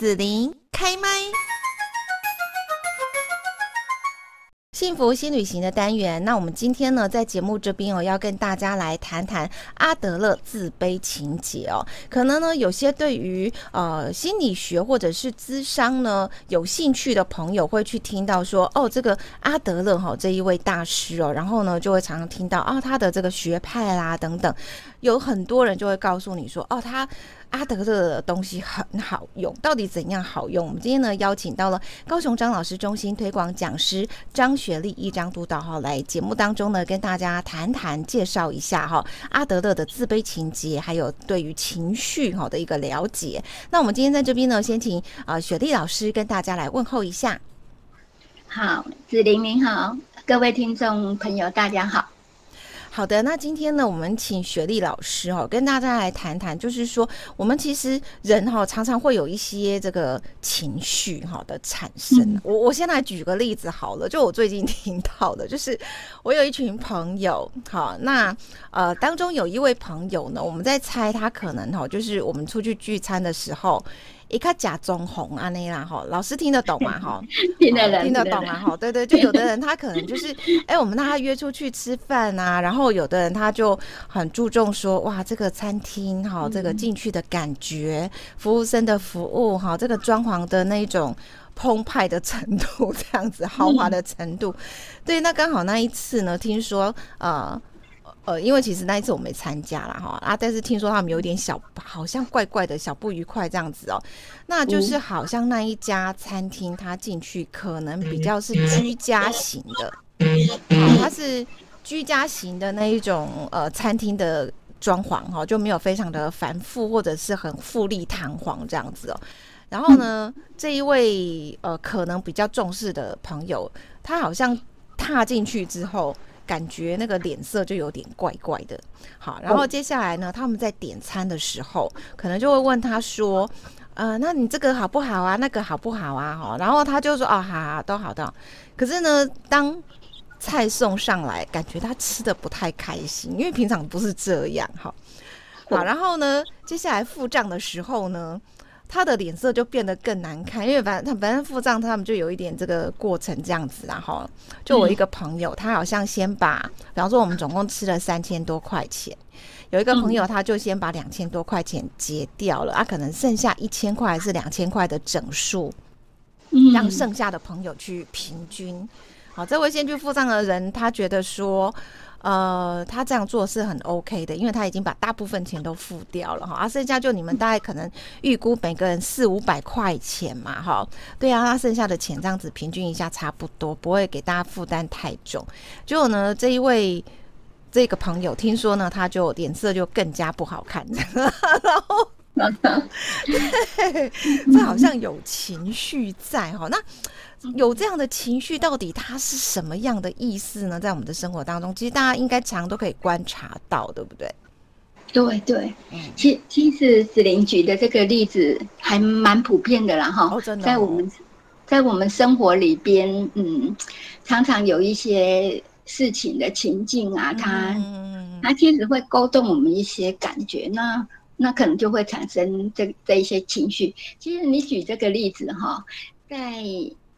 子琳開麥，幸福新旅行的單元。那我們今天呢，在節目這邊哦，要跟大家來談談阿德勒自卑情結哦。可能呢，有些對於呃心理學或者是諮商呢有興趣的朋友，會去聽到說，哦，這個阿德勒哈這一位大師哦，然後呢，就會常常聽到啊、哦、他的這個學派啦等等，有很多人就會告訴你說，哦，他。阿德勒的東西很好用，到底怎樣好用？我們今天呢，邀請到了高雄張老師中心推廣講師莊雪麗一莊督導哈，來節目當中呢，跟大家談談，介紹一下哈，阿德勒的自卑情結，還有對於情緒好的一個了解。那我們今天在這邊呢，先請啊、呃、雪麗老師跟大家來問候一下。好，子琳您好，各位聽眾朋友大家好。好的，那今天呢，我們請雪麗老師哦，跟大家來談談，就是說，我們其實人哈、哦、常常會有一些這個情緒哈的產生。嗯、我我先來舉個例子好了，就我最近聽到的，就是我有一群朋友，好，那呃當中有一位朋友呢，我們在猜他可能哈、哦，就是我們出去聚餐的時候。一看假棕紅啊，那啦哈，老師聽得懂嗎？哈 好，聽得懂，聽得懂啦，對對，就有的人他可能就是，哎、 欸，我們大家約出去吃飯啊，然後有的人他就很注重說，哇，這個餐廳哈、喔，這個進去的感覺，嗯、服務生的服務哈、喔，這個裝潢的那種澎湃的程度，這樣子豪華的程度。嗯、對，那剛好那一次呢，聽說啊。呃呃，因為其實那一次我沒參加了哈，啊，但是聽說他們有點小，好像怪怪的小不愉快這樣子哦。那就是好像那一家餐廳，他進去可能比較是居家型的，啊、它是居家型的那一種呃餐廳的裝潢哈，就沒有非常的繁複或者是很富麗堂皇這樣子哦。然後呢，這一位呃可能比較重視的朋友，他好像踏進去之後。感覺那個臉色就有點怪怪的。好，然後接下來呢，他們在點餐的時候，可能就會問他說：“呃，那你這個好不好啊？那個好不好啊？”好，然後他就說：“哦，好，好，都好的。”好，可是呢，當菜送上來，感覺他吃得不太開心，因為平常不是這樣。好，好，然後呢，接下來付賬的時候呢。他的臉色就變得更難看，因為反正他反正付賬，他們就有一點這個過程這樣子，然後就我一個朋友，嗯、他好像先把，比方說我們總共吃了三千多塊錢，有一個朋友他就先把兩千多塊錢結掉了，他、嗯啊、可能剩下一千塊還是兩千塊的整數，嗯、讓剩下的朋友去平均。好，這位先去付賬的人，他覺得說。呃，他這樣做是很 OK 的，因為他已經把大部分錢都付掉了哈，而、啊、剩下就你們大概可能預估每個人四五百塊錢嘛，哈、哦，對啊，他剩下的錢這樣子平均一下差不多，不會給大家負擔太重。結果呢，這一位這個朋友聽說呢，他就臉色就更加不好看了，然後， 這好像有情緒在哈、哦，那。有這樣的情緒，到底它是什麼樣的意思呢？在我們的生活當中，其實大家應該常、常都可以觀察到，對不對？對對，對嗯，其其實子琳舉的這個例子還蠻普遍的然哈，哦哦、在我們，在我們生活裡邊，嗯，常常有一些事情的情境啊，它、嗯、它其實會勾動我們一些感覺，那那可能就會產生這這一些情緒。其實你舉這個例子哈，在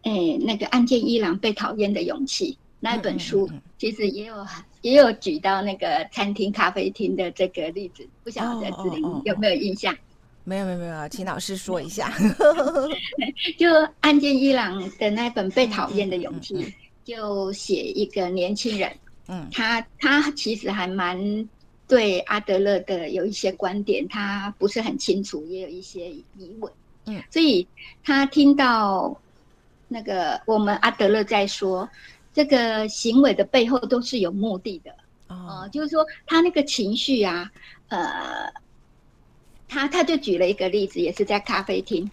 哎，那個岸見一郎被討厭的勇氣那本書，其實也有、嗯嗯、也有舉到那個餐廳咖啡廳的這個例子，不曉得子琳有沒有印象？哦哦哦、沒有沒有沒有，請老師說一下。嗯、 就岸見一郎的那本被討厭的勇氣，就寫一個年輕人，嗯，嗯他他其實還蠻對阿德勒的有一些觀點，他不是很清楚，也有一些疑問，嗯，所以他聽到。那個我們阿德勒在說，這個行為的背後都是有目的的哦、oh. 呃，就是說他那個情緒啊，呃，他他就舉了一個例子，也是在咖啡廳，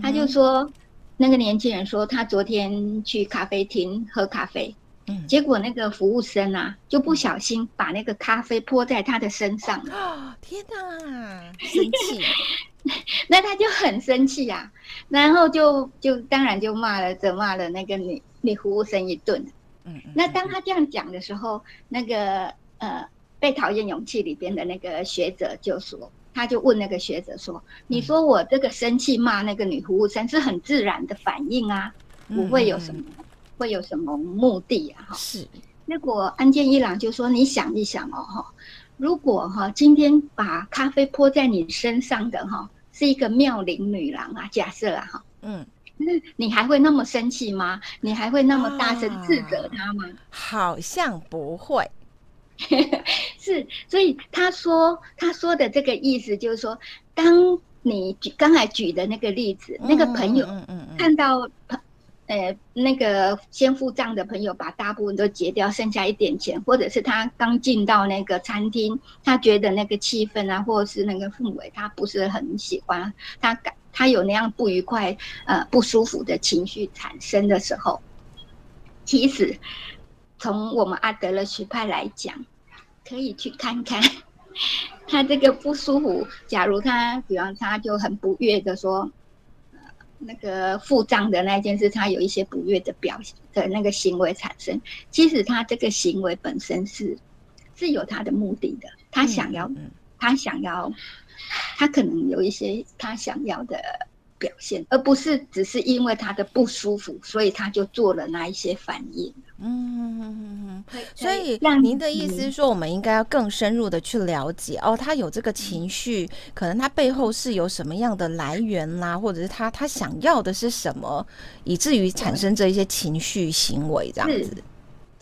他就說、mm hmm. 那個年輕人說他昨天去咖啡廳喝咖啡，mm hmm. 結果那個服務生啊就不小心把那個咖啡潑在他的身上了，天哪，生氣。 那他就很生氣啊，然後就就當然就罵了，責罵了那個女女服務生一頓、嗯。嗯那當他這樣講的時候，那個呃被討厭勇氣裡邊的那個學者就說，他就問那個學者說：“嗯、你說我這個生氣罵那個女服務生是很自然的反應啊，不會有什麼、嗯、會有什麼目的啊？”哈，是。結果岸見一郎就說：“你想一想哦，哈，如果哈、啊、今天把咖啡潑在你身上的哈、啊。”是一個妙齡女郎啊，假設啊，哈，嗯，那你還會那麼生氣嗎？你還會那麼大聲斥責她嗎、啊？好像不會， 是，所以他說他說的這個意思就是說，當你舉剛才舉的那個例子，嗯、那個朋友看到朋。呃，那個先付賬的朋友把大部分都結掉，剩下一點錢，或者是他剛進到那個餐廳，他覺得那個氣氛啊，或者是那個氛圍，他不是很喜歡，他感他有那樣不愉快，呃不舒服的情緒產生的時候，其實從我們阿德勒學派來講，可以去看看他這個不舒服。假如他，比方他就很不悅的說。那個付賬的那件事，他有一些不悅的表現，的那個行為產生。其實他這個行為本身是是有他的目的的，他想要，嗯嗯、他想要，他可能有一些他想要的表現，而不是只是因為他的不舒服，所以他就做了那一些反應。嗯，所以那您的意思是說，我們應該要更深入的去了解哦，他有這個情緒，嗯、可能他背後是有什麼樣的來源啦、啊，或者是他他想要的是什麼，以至於產生這一些情緒行為這樣子。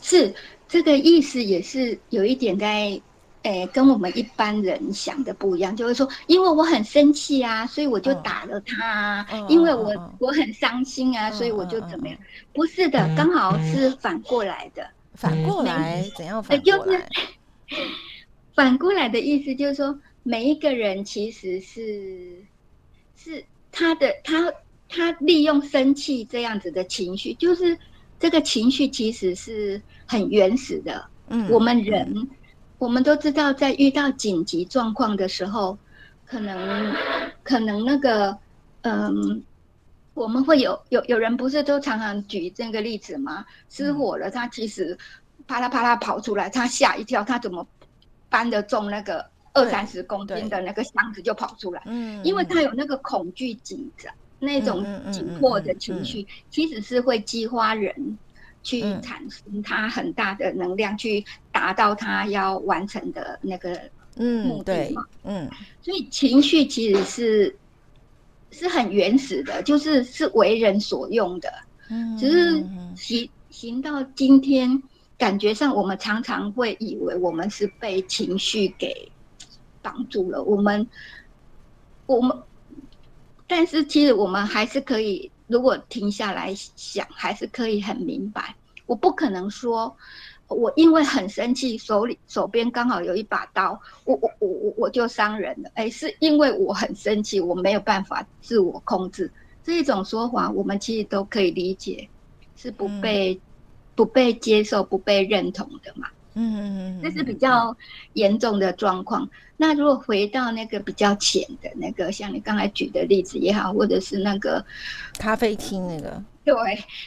是，是這個意思，也是有一點在。哎、欸，跟我們一般人想的不一樣，就是說，因為我很生氣啊，所以我就打了他；嗯、因為我、嗯、我很傷心啊，嗯、所以我就怎麼樣？不是的，剛、嗯、好是反過來的。反過來、嗯、怎樣反過來、呃就是？反過來的意思就是說，每一個人其實是是他的他他利用生氣這樣子的情緒，就是這個情緒其實是很原始的。嗯、我們人。嗯我們都知道，在遇到緊急狀況的時候，可能可能那個，嗯、呃，我們會有有有人不是都常常舉這個例子嗎？失火了，嗯、他其實啪啦啪啦跑出來，他嚇一跳，他怎麼搬得動那個二三十公斤的那個箱子就跑出來？嗯對，因為他有那個恐懼緊張、嗯、那種緊迫的情緒，嗯嗯嗯嗯嗯、其實是會激發人。去產生他很大的能量，嗯，去達到他要完成的那個目的。嗯，對，嗯，所以情緒其實是是很原始的，就是是為人所用的。嗯哼，嗯哼，只是行行到今天，感覺上我們常常會以為我們是被情緒給綁住了。我們，我們，但是其實我們還是可以。如果停下來想，還是可以很明白。我不可能說，我因為很生氣，手裡手邊剛好有一把刀，我我我我我就傷人了。哎、欸，是因為我很生氣，我沒有辦法自我控制。這一種說法，我們其實都可以理解，是不被、嗯、不被接受、不被認同的嘛？嗯，這是比較嚴重的狀況。嗯、那如果回到那個比較淺的那個，像你剛才舉的例子也好，或者是那個咖啡廳那個，對，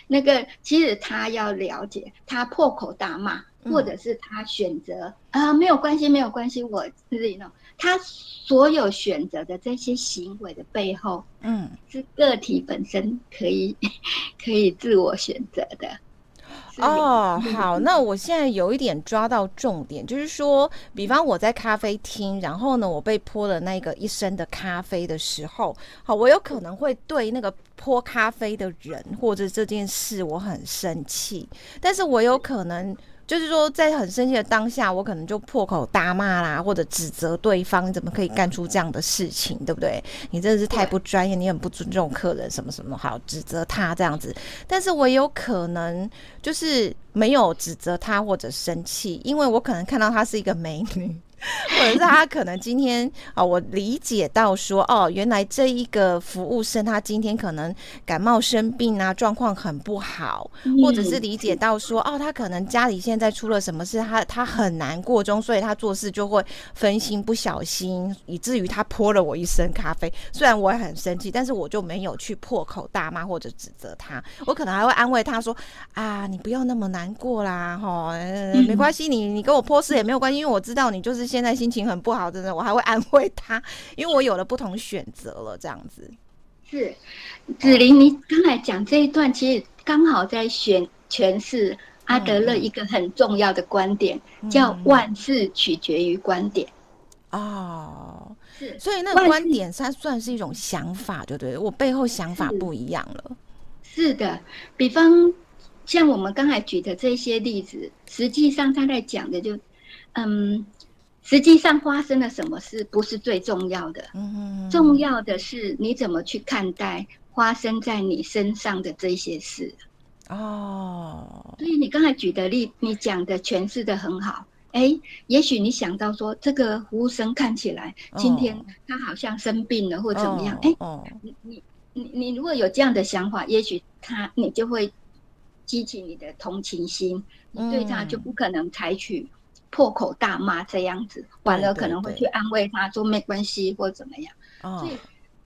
那個其實他要了解，他破口大罵，嗯、或者是他選擇啊，沒有關係，沒有關係，我自己弄。他所有選擇的這些行為的背後，嗯，是個體本身可以可以自我選擇的。哦，對好，那我現在有一點抓到重點，就是說，比方我在咖啡廳，然後呢，我被潑了那個一身的咖啡的時候，好，我有可能會對那個潑咖啡的人或者這件事我很生氣，但是我有可能。就是說，在很生氣的當下，我可能就破口大罵啦，或者指責對方，你怎麼可以幹出這樣的事情，對不對？你真的是太不專業，你很不尊重客人，什麼什麼，好，指責他這樣子。但是我有可能就是沒有指責他或者生氣，因為我可能看到她是一個美女。 或者是他可能今天啊、哦，我理解到說哦，原來這一個服務生他今天可能感冒生病啊，狀況很不好，或者是理解到說哦，他可能家裡現在出了什麼事他，他他很難過中，所以他做事就會分心不小心，以至於他潑了我一身咖啡。雖然我也很生氣，但是我就沒有去破口大罵或者指責他，我可能還會安慰他說啊，你不要那麼難過啦，哈、哦呃，沒關係，你你跟我潑事也沒有關係，因為我知道你就是。現在心情很不好，真的，我還會安慰他，因為我有了不同選擇了。這樣子。是，子琳，嗯、你剛才講這一段，其實剛好在選詮釋阿德勒一個很重要的觀點，嗯、叫萬事取決於觀點。哦，是，所以那個觀點，它算是一種想法，對不對？萬事，我背後想法不一樣了是。是的，比方像我們剛才舉的這些例子，實際上他在講的就，嗯。實際上發生了什麼事不是最重要的，重要的是你怎麼去看待發生在你身上的這些事。哦，所以你剛才舉的例，你講的詮釋得很好。哎，也許你想到說，這個服務生看起來今天他好像生病了或怎麼樣？哎，你你你如果有這樣的想法，也許他你就會激起你的同情心，你對他就不可能採取。破口大罵這樣子，完了可能會去安慰他說沒關係或怎麼樣。對對對，所以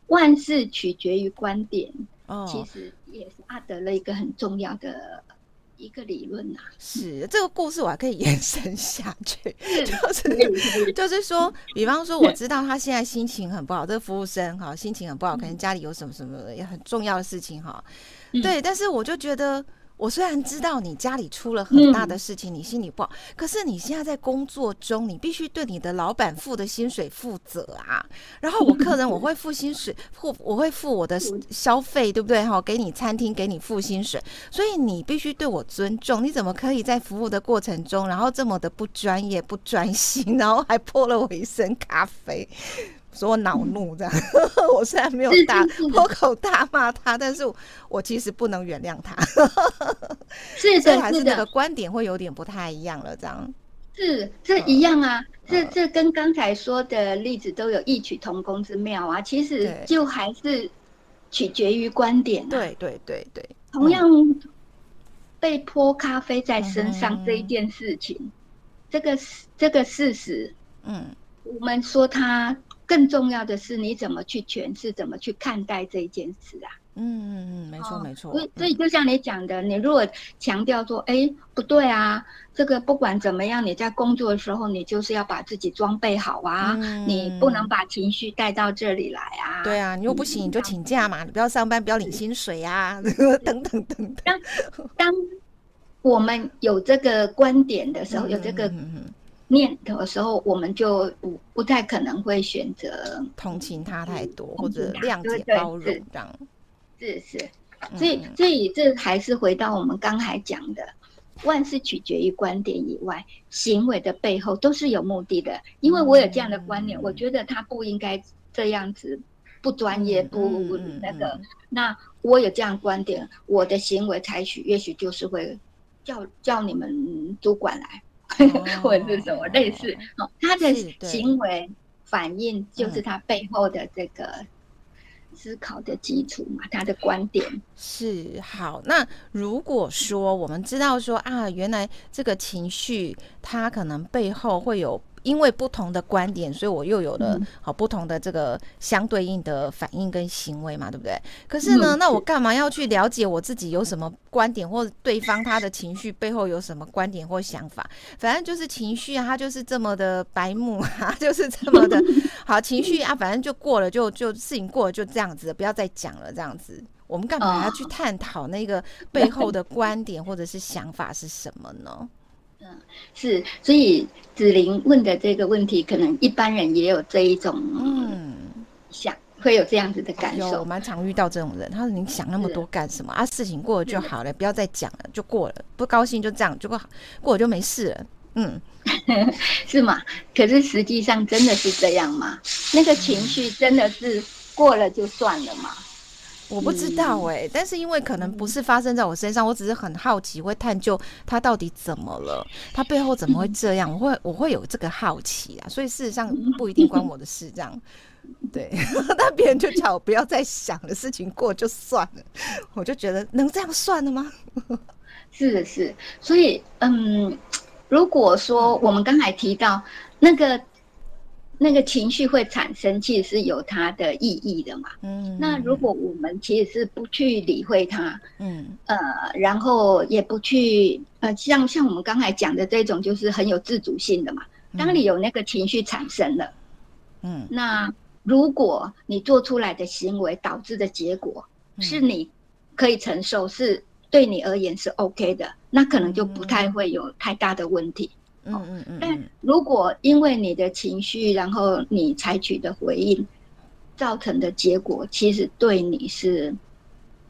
萬事取決於觀點。哦，其實也是阿德勒一個很重要的一個理論吶、啊。是這個故事我還可以延伸下去，是 就是對對對，就是說，比方說我知道他現在心情很不好， 這個服務生哈心情很不好，嗯、可能家裡有什麼什麼也很重要的事情哈。嗯、對，但是我就覺得。我雖然知道你家裡出了很大的事情，你心裡不好，嗯、可是你現在在工作中，你必須對你的老板付的薪水負責啊。然後我客人，我會付薪水或 我會付我的消費，對不對？哈，給你餐廳，給你付薪水，所以你必須對我尊重。你怎麼可以在服務的過程中，然後這麼的不專業、不專心，然後還潑了我一身咖啡？所以我惱怒這樣，嗯、 我雖然沒有大破是口大罵他，但是我其實不能原諒他 是的是的，還是那個觀點，會有點不太一樣了，這樣是這一樣啊，嗯、這這跟剛才說的例子都有異曲同工之妙啊。其實就還是取決於觀點、啊。對對對對，嗯、同樣被潑咖啡在身上這一件事情，嗯、這個這個事實，嗯，我們說他。更重要的是，你怎麼去詮釋、怎麼去看待這一件事啊？嗯嗯嗯，沒錯沒錯。所以，所以就像你講的，你如果強調說，哎，不對啊，這個不管怎麼樣，你在工作的時候，你就是要把自己裝備好啊，你不能把情緒帶到這裡來啊。對啊，你又不行，你就請假嘛，你不要上班，不要領薪水呀，等等等等。當當我們有這個觀點的時候，有這個。念頭的時候，我們就不不太可能會選擇同情他太多，嗯、或者諒解包容這樣。對對對，是是，是，所以所以這還是回到我們剛才講的，嗯嗯，萬事取決於觀點以外，行為的背後都是有目的的。因為我有這樣的觀點，嗯嗯，我覺得他不應該這樣子不專業、不、嗯嗯嗯嗯、不那個。那我有這樣觀點，我的行為採取也許就是會叫叫你們主管來。 或者是什麼類似哦，哦，他的行為反應就是他背後的這個思考的基礎嘛，嗯，他的觀點是好，那如果說我們知道說啊，原來這個情緒它可能背後會有。因為不同的觀點，所以我又有了好不同的這個相對應的反應跟行為嘛，對不對？可是呢，那我幹嘛要去了解我自己有什麼觀點，或者對方他的情緒背後有什麼觀點或想法？反正就是情緒啊，他就是這麼的白目啊，就是這麼的好情緒啊，反正就過了，就就事情過了，就這樣子，不要再講了，這樣子，我們幹嘛要去探討那個背後的觀點或者是想法是什麼呢？嗯，是，所以子琳問的這個問題，可能一般人也有這一種嗯想，會有這樣子的感受。哎、我們常遇到這種人，他說：“你想那麼多幹什麼？是啊，事情過了就好了，嗯、不要再講了，就過了。不高興就這樣，就過過了就沒事了。”嗯， 是嗎？可是實際上真的是這樣嗎？那個情緒真的是過了就算了嗎？嗯我不知道哎、欸，嗯、但是因為可能不是發生在我身上，嗯、我只是很好奇，會探究他到底怎麼了，他背後怎麼會這樣？嗯、我會，我會有這個好奇啊，所以事實上不一定關我的事，這樣、嗯、對。那別、嗯、 人就叫我不要再想了，事情過就算了，我就覺得能這樣算了嗎？ 是的，是的，所以嗯，如果說、嗯、我們剛才提到那個。那個情緒會產生，其實是有它的意義的嘛。嗯。那如果我們其實是不去理會它，嗯。呃，然後也不去，呃，像像我們剛才講的這種，就是很有自主性的嘛。嗯。當你有那個情緒產生了，嗯。那如果你做出來的行為導致的結果是你可以承受，是對你而言是 OK 的，那可能就不太會有太大的問題。嗯嗯嗯嗯嗯，但如果因為你的情緒，然後你採取的回應，造成的結果，其實對你是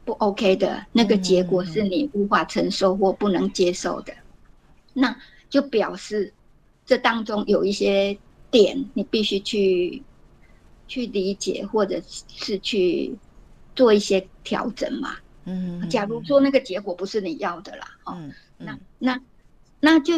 不 OK 的，那個結果是你無法承受或不能接受的，那就表示這當中有一些點，你必須去去理解，或者是去做一些調整嘛。嗯，假如說那個結果不是你要的啦，哈，那那那就。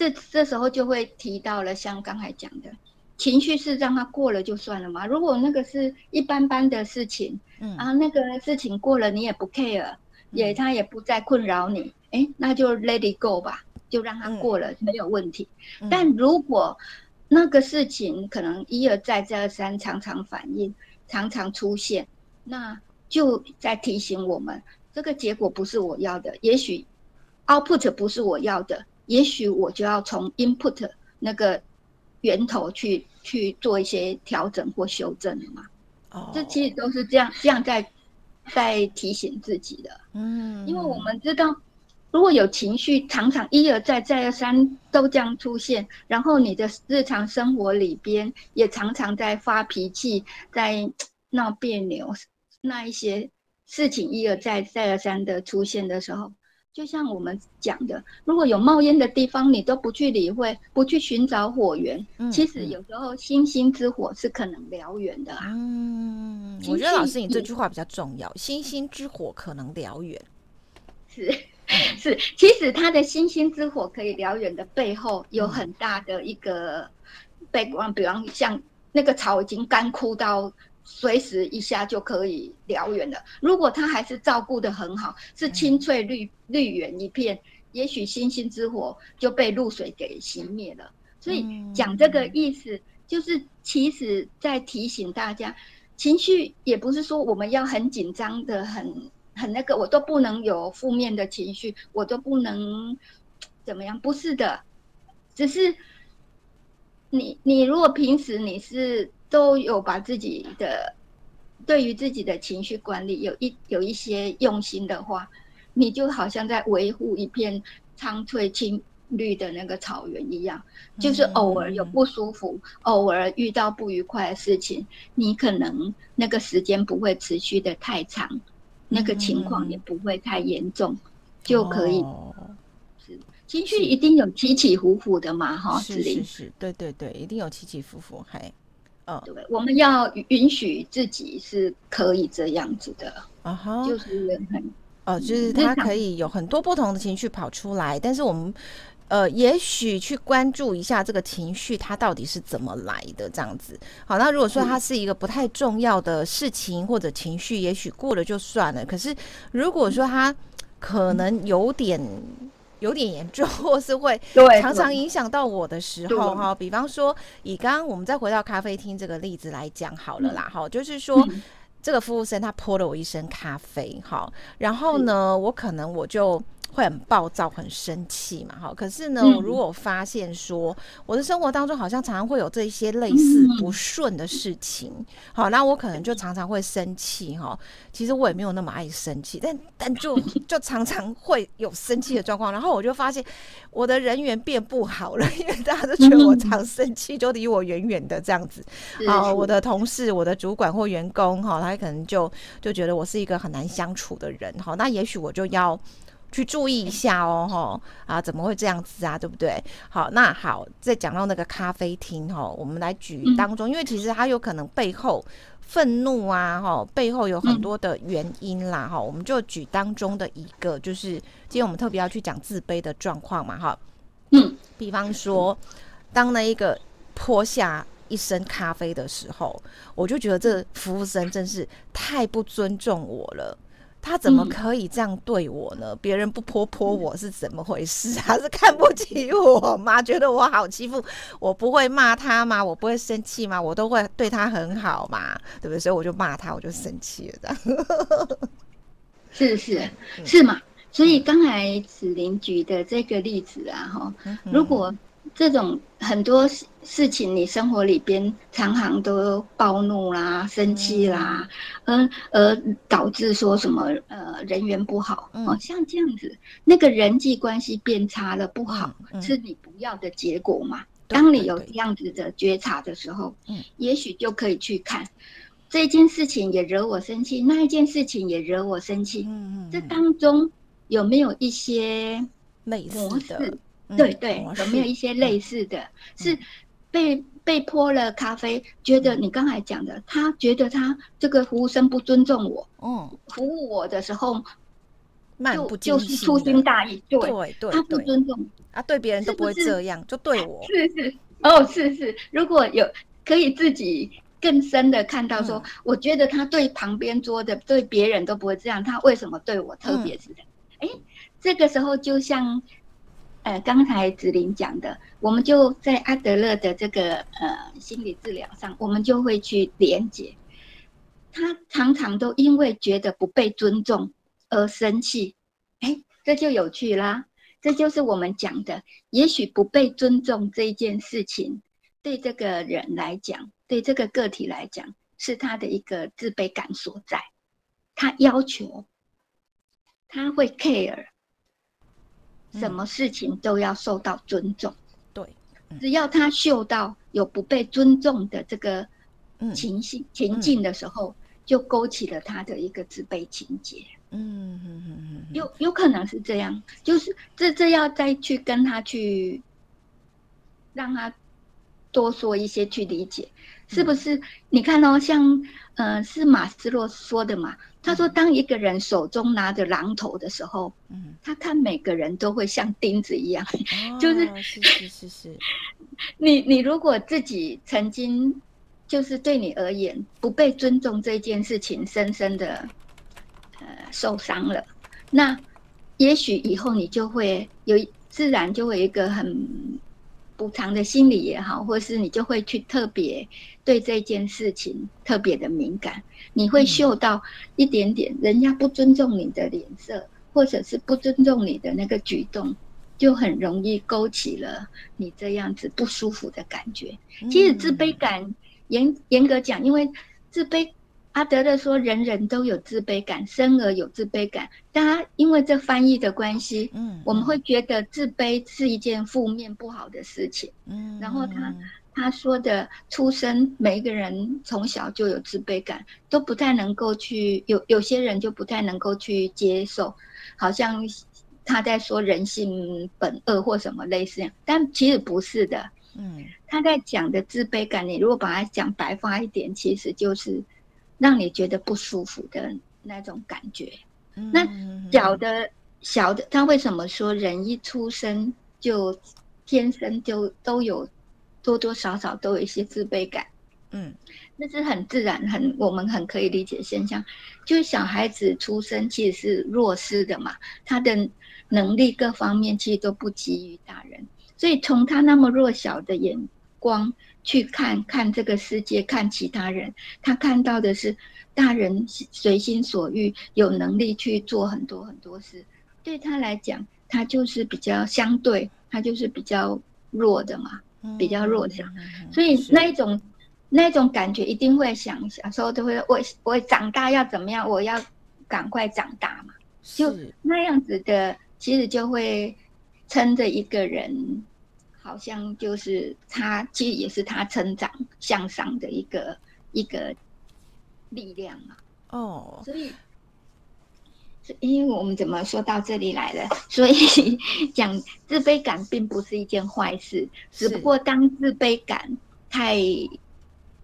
這這時候就會提到了，像剛才講的，情緒是讓它過了就算了嘛。如果那個是一般般的事情，然後、嗯、啊，那個事情過了，你也不 care，、嗯、也它也不再困擾你，哎，那就 let it go 吧，就讓它過了、嗯、沒有問題。嗯、但如果那個事情可能一而再，再而三，常常反應，常常出現，那就在提醒我們，這個結果不是我要的，也許 output 不是我要的。也許我就要從 input 那個源頭去去做一些調整或修正了嘛。哦，oh. 這其實都是這樣這樣在在提醒自己的。嗯，mm. 因為我們知道，如果有情緒常常一而再，再而三都這樣出現，然後你的日常生活裡邊也常常在發脾氣、在鬧彆扭，那一些事情一而再，再而三的出現的時候。就像我們講的，如果有冒煙的地方，你都不去理會，不去尋找火源，嗯、其實有時候星星之火是可能燎原的啊。嗯，我覺得老師你這句話比較重要，嗯、星星之火可能燎原。是是，其實它的星星之火可以燎原的背後，有很大的一個背景，嗯、比方像那個草已經乾枯到，隨時一下就可以燎原了。如果他還是照顧得很好，是青翠綠綠原一片，嗯、也許星星之火就被露水給熄滅了。所以講這個意思，嗯、就是其實在提醒大家，情緒也不是說我們要很緊張的，很很那個，我都不能有負面的情緒，我都不能怎麼樣？不是的，只是你你如果平時你是。都有把自己的對於自己的情緒管理有一有一些用心的話，你就好像在維護一片蒼翠青綠的那個草原一樣，就是偶爾有不舒服，嗯、偶爾遇到不愉快的事情，嗯、你可能那個時間不會持續的太長，嗯、那個情況也不會太嚴重，嗯、就可以。哦、是情緒一定有起起伏伏的嘛，是哈，是林是是，是，對對對，一定有起起伏伏，嘿。嗯，哦、對，我們要允許自己是可以這樣子的、嗯、就是很哦，就是他可以有很多不同的情緒跑出來，常但是我們呃，也許去關注一下這個情緒它到底是怎麼來的這樣子。好，那如果說它是一個不太重要的事情、嗯、或者情緒，也許過了就算了。可是如果說它可能有點。有點嚴重，或是會常常影響到我的時候，哈、哦，比方說，以剛剛我們再回到咖啡廳這個例子來講好了啦，哈、嗯，就是說，嗯、這個服務生他潑了我一身咖啡，哈，然後呢，嗯、我可能我就。會很暴躁、很生氣嘛？哈，可是呢，我如果發現說我的生活當中好像常常會有這些類似不順的事情，好，那我可能就常常會生氣哈。其實我也沒有那麼愛生氣，但但就就常常會有生氣的狀況。然後我就發現我的人緣變不好了，因為大家都覺得我常生氣，就離我遠遠的這樣子是啊。我的同事、我的主管或員工哈，他可能就就覺得我是一個很難相處的人哈。那也許我就要。去注意一下哦，哈啊，怎麼會這樣子啊？對不對？好，那好，再講到那個咖啡廳哈，我們來舉當中，因為其實它有可能背後憤怒啊，哈，背後有很多的原因啦，哈，我們就舉當中的一個，就是今天我們特別要去講自卑的狀況嘛，哈，嗯，比方說，當那一個潑下一身咖啡的時候，我就覺得這服務生真是太不尊重我了。他怎麼可以這樣對我呢？別、嗯、人不潑潑我是怎麼回事？他、啊嗯、是看不起我嗎？覺得我好欺負？我不會罵他嗎？我不會生氣嗎？我都會對他很好嘛，對不對？所以我就罵他，我就生氣了，這樣。 是是是嘛？嗯、所以剛才子琳舉的這個例子啊，哈，如果。這種很多事事情，你生活裡邊常常都暴怒啦、生氣啦嗯，嗯，而導致說什麼呃人緣不好、嗯、哦，像這樣子，那個人際關係變差了不好，嗯嗯、是你不要的結果嘛？嗯、當你有這樣子的覺察的時候，嗯，也許就可以去看，嗯、這件事情也惹我生氣，那一件事情也惹我生氣、嗯，嗯嗯，這當中有沒有一些模式？對對，有沒有一些類似的，是被被潑了咖啡？覺得你剛才講的，他覺得他這個服務生不尊重我，服務我的時候慢，不就是粗心大意？對對，他不尊重啊，對別人都不會這樣，就對我是是哦是是，如果有可以自己更深的看到說，我覺得他對旁邊桌的對別人都不會這樣，他為什麼對我特別是的？哎，這個時候就像。呃，剛才子琳講的，我們就在阿德勒的這個呃心理治療上，我們就會去連結。他常常都因為覺得不被尊重而生氣，哎、欸，這就有趣啦。這就是我們講的，也許不被尊重這一件事情，對這個人來講，對這個個體來講，是他的一個自卑感所在。他要求，他會 care。什麼事情都要受到尊重，對、嗯，只要他嗅到有不被尊重的這個，情形、嗯嗯、情境的時候，就勾起了他的一個自卑情結、嗯，嗯嗯嗯，嗯嗯有有可能是這樣，就是這這要再去跟他去，讓他多說一些去理解。是不是？Mm hmm. 你看哦，像，呃，是馬斯洛說的嘛？他說，當一個人手中拿着榔頭的時候，mm hmm. 他看每個人都會像釘子一樣，mm hmm. 就是、哦、是是是是。 你你如果自己曾經，就是對你而言不被尊重這件事情，深深的，呃，受傷了，那也許以後你就會有自然就會有一個很。補償的心理也好，或是你就會去特別對這件事情特別的敏感，你會嗅到一點點人家不尊重你的臉色，或者是不尊重你的那個舉動，就很容易勾起了你這樣子不舒服的感覺。其實自卑感嚴嚴格講，因為自卑。阿德勒說：“人人都有自卑感，生而有自卑感。但他因為這翻譯的關係，嗯，我們會覺得自卑是一件負面不好的事情，嗯。然後他他說的出生，每一個人從小就有自卑感，都不太能夠去有有些人就不太能夠去接受，好像他在說人性本惡或什麼類似的，但其實不是的，嗯。他在講的自卑感，你如果把它講白話一點，其實就是。”讓你覺得不舒服的那種感覺。那小的、嗯、哼哼小的，他為什麼說人一出生就天生就都有多多少少都有一些自卑感？嗯，那是很自然，很我們很可以理解現象。就小孩子出生其實是弱勢的嘛，他的能力各方面其實都不及於大人，所以從他那麼弱小的眼光。去看看這個世界，看其他人，他看到的是大人隨心所欲，有能力去做很多很多事。對他來講，他就是比較相對，他就是比較弱的嘛，比較弱的。嗯嗯嗯嗯、所以那一種，是那一種感覺一定會想，小時候都會，我我長大要怎麼樣？我要趕快長大嘛，就那樣子的，其實就會撐着一個人。好像就是他，其實也是他成長向上的一個一個力量啊。哦，oh. 所以因為我們怎麼說到這裡來了，所以講自卑感並不是一件壞事，是只不過當自卑感太，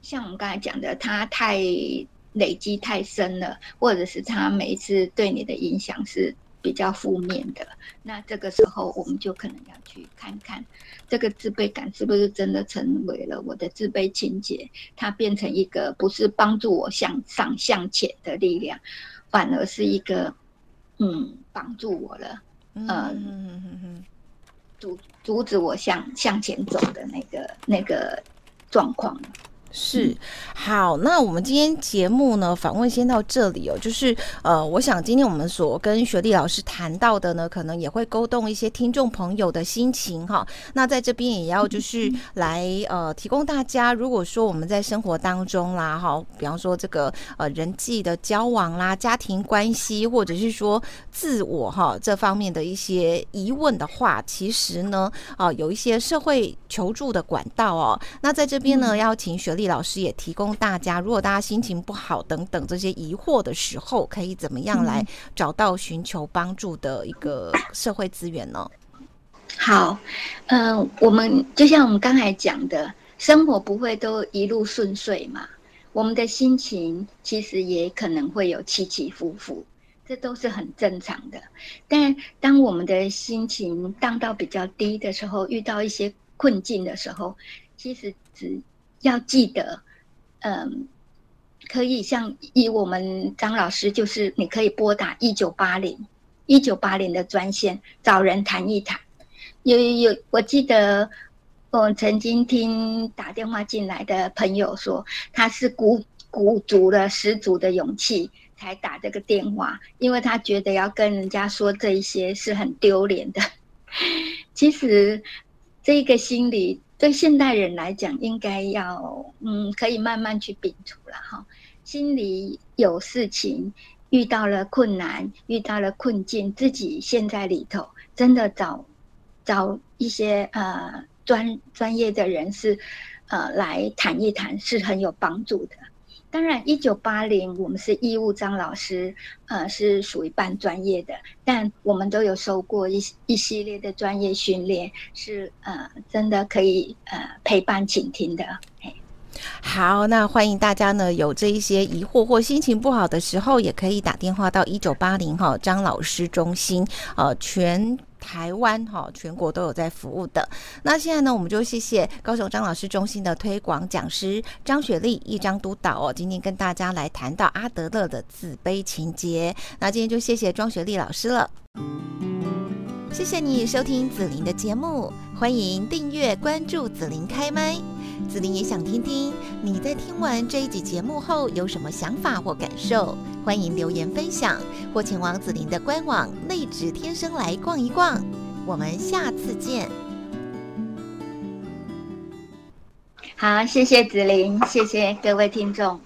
像我們剛才講的，他太累積太深了，或者是他每一次對你的影響是。比較負面的，那這個時候我們就可能要去看看，這個自卑感是不是真的成為了我的自卑情結？它變成一個不是幫助我向上向前的力量，反而是一個嗯，綁住我了，呃、嗯哼哼哼，阻阻止我向向前走的那個那個狀況。是好，那我們今天節目呢，訪問先到這裡哦。就是呃，我想今天我們所跟雪麗老師談到的呢，可能也會勾動一些聽眾朋友的心情哈。那在這邊也要就是來呃，提供大家，如果說我們在生活當中啦哈，比方說這個呃人際的交往啦、家庭關係，或者是說自我哈這方面的一些疑問的話，其實呢啊、呃，有一些社會求助的管道哦。那在這邊呢，嗯、要請雪麗。老師也提供大家，如果大家心情不好等等這些疑惑的時候，可以怎麼樣來找到尋求幫助的一個社會資源呢？嗯、好，嗯、呃，我們就像我們剛才講的，生活不會都一路順遂嘛，我們的心情其實也可能會有起起伏伏，這都是很正常的。但當我們的心情盪到比較低的時候，遇到一些困境的時候，其實只要記得，嗯，可以像以我們張老師，就是你可以撥打一九八零，一九八零的專線，找人談一談。有有有，我記得我曾經聽打電話進來的朋友說，他是鼓鼓足了十足的勇氣才打這個電話，因為他覺得要跟人家說這一些是很丟臉的。其實這個心理。對現代人來講，應該要嗯，可以慢慢去摒除了哈。心裡有事情，遇到了困難，遇到了困境，自己陷在裡頭，真的找找一些呃專專業的人士，呃來談一談，是很有幫助的。當然，一九八零，我們是義務張老師，呃，是屬於半專業的，但我們都有受過一一系列的專業訓練，是呃，真的可以呃陪伴傾聽的。好，那歡迎大家呢，有這一些疑惑或心情不好的時候，也可以打電話到一九八零哈張老師中心，呃，全。台灣哈全國都有在服務的。那現在呢，我們就謝謝高雄張老師中心的推廣講師莊雪麗一張督導哦，今天跟大家來談到阿德勒的自卑情結。那今天就謝謝莊雪麗老師了。謝謝你收聽子琳的節目，歡迎訂閱關注子琳開麥。子琳也想聽聽你在聽完這一集節目後有什麼想法或感受，歡迎留言分享，或前往子琳的官網麗質天聲來逛一逛。我們下次見。好，謝謝子琳，謝謝各位聽眾。